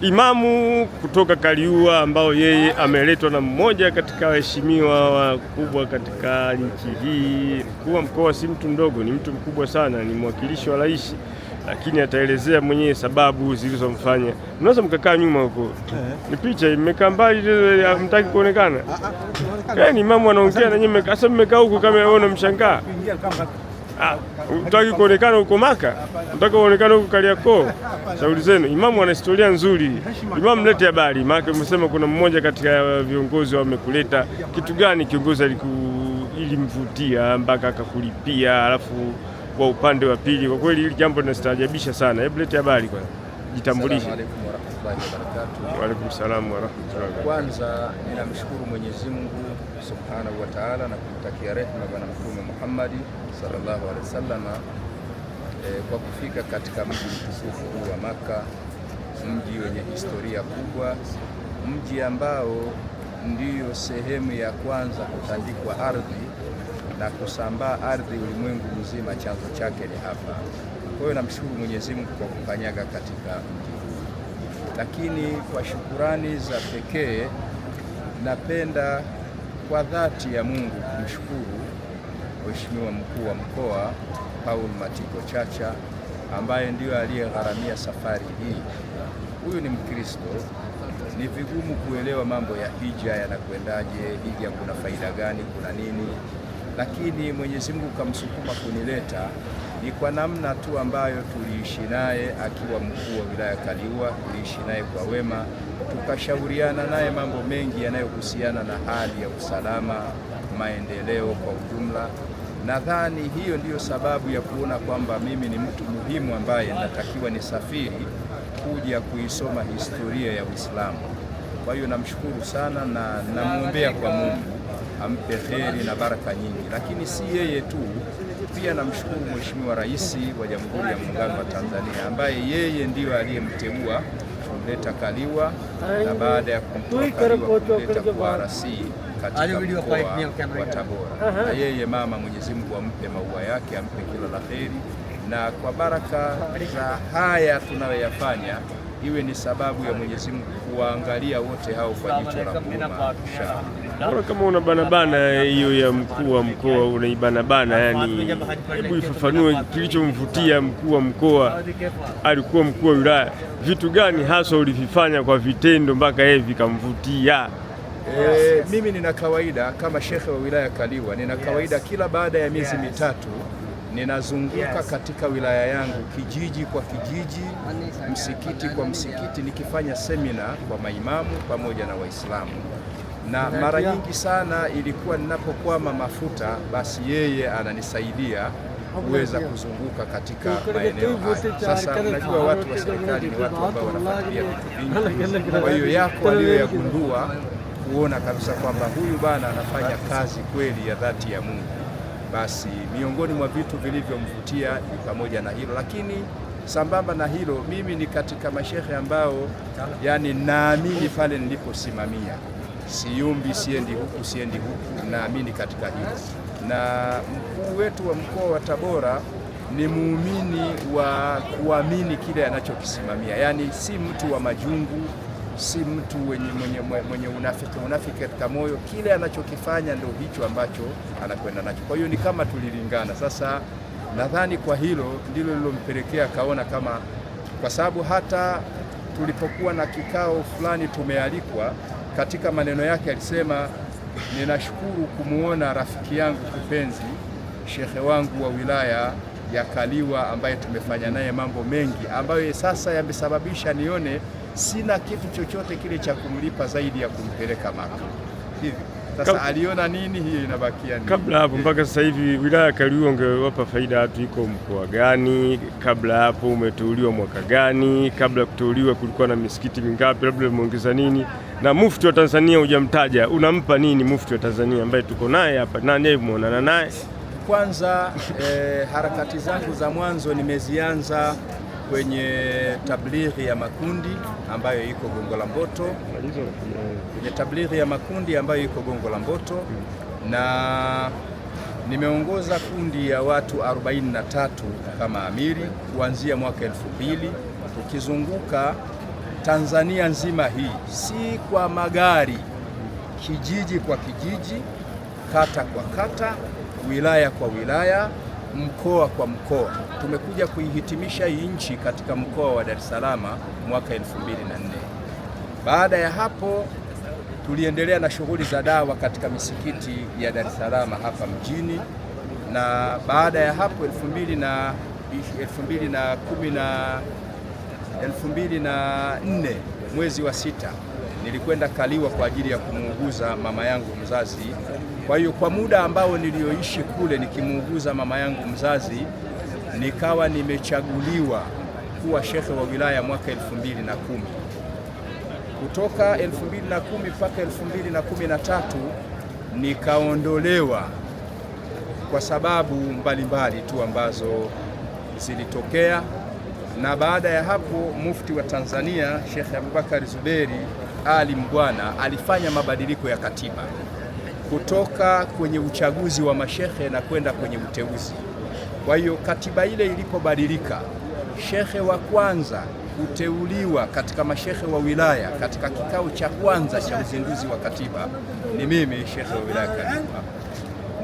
imamu kutoka Kaliua ambao yeye ameletwa na mmoja katika waheshimiwa wakubwa katika nchi hii. Mkuu wa mkoa si mtu mdogo, ni mtu mkubwa sana, ni mwakilishi wa rais, lakini ataelezea mwenyewe sababu zilizomfanya. Unaweza mkakaa nyuma huko, ni picha imekaa mbali, hamtaki kuonekana. Ah, ah, eh, ni imamu anaongea na nyinyi, mmekaa huko kama wewe unamshangaa. Utaki kuonekana huko Maka, utaka uonekana huko Kariakoo. Shauri zenu. Imamu ana historia nzuri. Imamu, lete habari, maana umesema kuna mmoja katika viongozi wamekuleta. Kitu gani kiongozi aliku ilimvutia mpaka akakulipia? Alafu kwa upande wa pili, kwa kweli hili jambo linastaajabisha sana. Hebu lete habari kwanza. Jitambulishe. Waalaikum salaam warahmatullahi. Kwanza ninamshukuru Mwenyezi Mungu subhanahu wa taala na kumtakia rehema Bwana Mtume Muhammad sallallahu alaihi wasallam e, kwa kufika katika mji mtukufu huu wa Maka, mji wenye historia kubwa, mji ambao ndiyo sehemu ya kwanza kutandikwa ardhi na kusambaa ardhi ulimwengu mzima. Chanzo chake ni hapa. Kwa hiyo namshukuru Mwenyezi Mungu kwa kukanyaga katika mji huu, lakini kwa shukurani za pekee napenda kwa dhati ya Mungu kumshukuru Mheshimiwa Mkuu wa Mkoa Paul Matiko Chacha ambaye ndiyo aliyegharamia safari hii. Huyu ni Mkristo. Ni vigumu kuelewa mambo ya hija yanakwendaje, hija kuna faida gani, kuna nini, lakini Mwenyezi Mungu kamsukuma kunileta ni kwa namna tu ambayo tuliishi naye akiwa mkuu wa wilaya Kaliua, tuliishi naye kwa wema, tukashauriana naye mambo mengi yanayohusiana na hali ya usalama, maendeleo kwa ujumla. Nadhani hiyo ndiyo sababu ya kuona kwamba mimi ni mtu muhimu ambaye natakiwa nisafiri kuja kuisoma historia ya Uislamu. Kwa hiyo namshukuru sana na namwombea kwa Mungu ampe heri na baraka nyingi, lakini si yeye tu pia namshukuru Mheshimiwa Rais wa Jamhuri ya Muungano wa Tanzania ambaye yeye ndiyo aliyemteua kumleta Kaliwa na baada ya kumtoa Kaliwa kumleta kwa RC katika mkoa wa Tabora, na yeye mama, Mwenyezi Mungu ampe maua yake, ampe kila la heri, na kwa baraka za haya tunayoyafanya iwe ni sababu ya Mwenyezi Mungu kuwaangalia wote hao kwa jicho la huruma. Naona kama una banabana hiyo ya mkuu wa mkoa unaibanabana, yani hebu ifafanue kilichomvutia mkuu wa mkoa. Alikuwa mkuu wa wilaya, vitu gani hasa ulivifanya kwa vitendo mpaka yeye vikamvutia? E, mimi nina kawaida kama shekhe wa wilaya Kaliwa, nina kawaida kila baada ya miezi mitatu ninazunguka katika wilaya yangu kijiji kwa kijiji, msikiti kwa msikiti, nikifanya semina kwa maimamu pamoja na Waislamu na mara nyingi sana ilikuwa ninapokwama mafuta, basi yeye ananisaidia kuweza kuzunguka katika maeneo haya. Sasa najua watu wa serikali ni watu ambao wanafuatilia vitu vingi, kwa hiyo yako aliyoyagundua kuona kabisa kwamba huyu bana anafanya kazi kweli ya dhati ya Mungu, basi miongoni mwa vitu vilivyomvutia ni pamoja na hilo, lakini sambamba na hilo, mimi ni katika mashehe ambao yani naamini pale niliposimamia Siyumbi, siendi huku, siendi huku. Naamini katika hili, na mkuu wetu wa mkoa wa Tabora ni muumini wa kuamini kile anachokisimamia, yaani si mtu wa majungu, si mtu wenye, mwenye, mwenye unafiki unafiki katika moyo. Kile anachokifanya ndio hicho ambacho anakwenda nacho. Kwa hiyo ni kama tulilingana. Sasa nadhani kwa hilo ndilo lilompelekea akaona kama, kwa sababu hata tulipokuwa na kikao fulani tumealikwa katika maneno yake alisema, ninashukuru kumwona rafiki yangu kipenzi, shekhe wangu wa wilaya ya Kaliwa ambaye tumefanya naye mambo mengi ambayo sasa yamesababisha nione sina kitu chochote kile cha kumlipa zaidi ya kumpeleka Maka. Hivi sasa Kab... aliona nini, hiyo inabakia nini? Kabla hapo eh. mpaka sasa hivi wilaya ya Kaliwa ungewapa faida watu, iko mkoa gani? Kabla hapo umeteuliwa mwaka gani? Kabla kuteuliwa kulikuwa na misikiti mingapi? Labda umeongeza nini? na mufti wa Tanzania hujamtaja, unampa nini mufti wa Tanzania ambaye tuko naye hapa nani umeonana naye? Kwanza eh, harakati zangu za mwanzo nimezianza kwenye tablighi ya makundi ambayo iko Gongo la Mboto, kwenye tablighi ya makundi ambayo iko Gongo la Mboto, hmm. na nimeongoza kundi ya watu 43 kama amiri kuanzia mwaka elfu mbili tukizunguka Tanzania nzima hii, si kwa magari, kijiji kwa kijiji, kata kwa kata, wilaya kwa wilaya, mkoa kwa mkoa. Tumekuja kuihitimisha hii nchi katika mkoa wa Dar es Salaam mwaka 2004. Baada ya hapo tuliendelea na shughuli za dawa katika misikiti ya Dar es Salaam hapa mjini, na baada ya hapo 2000 na 2010 na 2004 mwezi wa sita nilikwenda Kaliwa kwa ajili ya kumuuguza mama yangu mzazi. Kwa hiyo kwa muda ambao nilioishi kule nikimuuguza mama yangu mzazi, nikawa nimechaguliwa kuwa shekhe wa wilaya mwaka 2010. Kutoka 2010 mpaka 2013 nikaondolewa kwa sababu mbalimbali mbali tu ambazo zilitokea na baada ya hapo mufti wa Tanzania Sheikh Abubakar Zuberi Ali Mbwana alifanya mabadiliko ya katiba kutoka kwenye uchaguzi wa mashehe na kwenda kwenye uteuzi. Kwa hiyo katiba ile ilipobadilika, shehe wa kwanza kuteuliwa katika mashehe wa wilaya katika kikao cha kwanza cha uzinduzi wa katiba ni mimi shehe wa wilaya Kaliua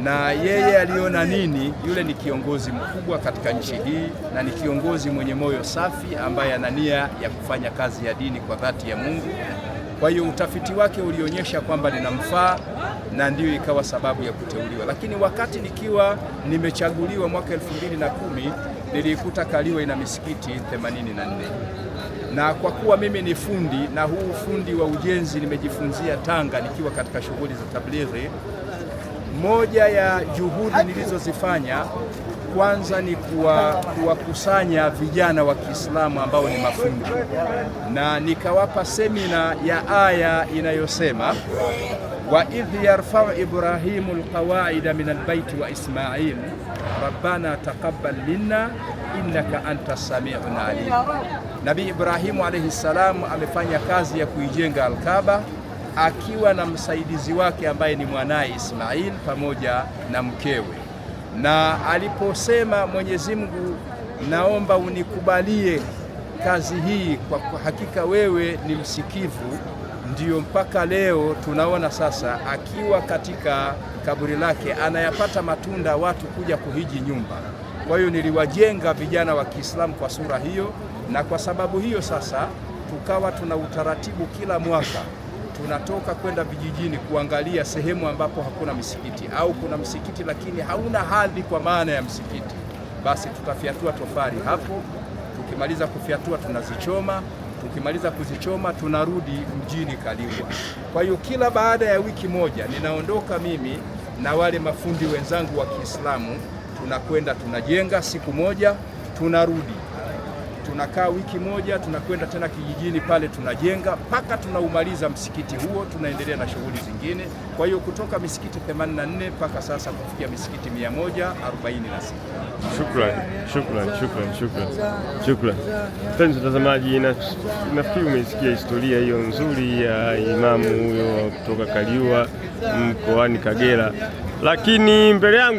na yeye aliona nini? Yule ni kiongozi mkubwa katika nchi hii na ni kiongozi mwenye moyo safi ambaye ana nia ya kufanya kazi ya dini kwa dhati ya Mungu. Kwa hiyo utafiti wake ulionyesha kwamba ninamfaa na ndiyo ikawa sababu ya kuteuliwa. Lakini wakati nikiwa nimechaguliwa mwaka elfu mbili na kumi niliikuta Kaliwa ina misikiti 84 na kwa kuwa mimi ni fundi na huu fundi wa ujenzi nimejifunzia Tanga nikiwa katika shughuli za tablighi moja ya juhudi nilizozifanya kwanza ni kuwakusanya kuwa vijana wa Kiislamu ambao ni mafundi na nikawapa semina ya aya inayosema wa idh yarfau Ibrahimu lqawaida min albaiti wa Ismail rabbana taqabbal minna innaka anta samiun alim. Nabii Ibrahimu alaihi salam amefanya kazi ya kuijenga Alkaba akiwa na msaidizi wake ambaye ni mwanaye Ismail pamoja na mkewe. Na aliposema Mwenyezi Mungu, naomba unikubalie kazi hii, kwa hakika wewe ni msikivu. Ndiyo mpaka leo tunaona sasa akiwa katika kaburi lake anayapata matunda watu kuja kuhiji nyumba. Kwa hiyo niliwajenga vijana wa Kiislamu kwa sura hiyo, na kwa sababu hiyo sasa tukawa tuna utaratibu kila mwaka tunatoka kwenda vijijini kuangalia sehemu ambapo hakuna misikiti au kuna msikiti lakini hauna hadhi kwa maana ya msikiti, basi tutafyatua tofali hapo. Tukimaliza kufyatua tunazichoma, tukimaliza kuzichoma tunarudi mjini Kaliua. Kwa hiyo kila baada ya wiki moja ninaondoka mimi na wale mafundi wenzangu wa Kiislamu, tunakwenda tunajenga siku moja, tunarudi tunakaa wiki moja, tunakwenda tena kijijini pale, tunajenga mpaka tunaumaliza msikiti huo, tunaendelea na shughuli zingine. Kwa hiyo kutoka misikiti 84 mpaka sasa kufikia misikiti 146. Shukrani, shukrani, shukrani, shukrani, shukrani. Mpenzi mtazamaji, nafikiri umesikia historia hiyo nzuri ya imamu huyo kutoka Kaliua mkoani Kagera, lakini mbele yangu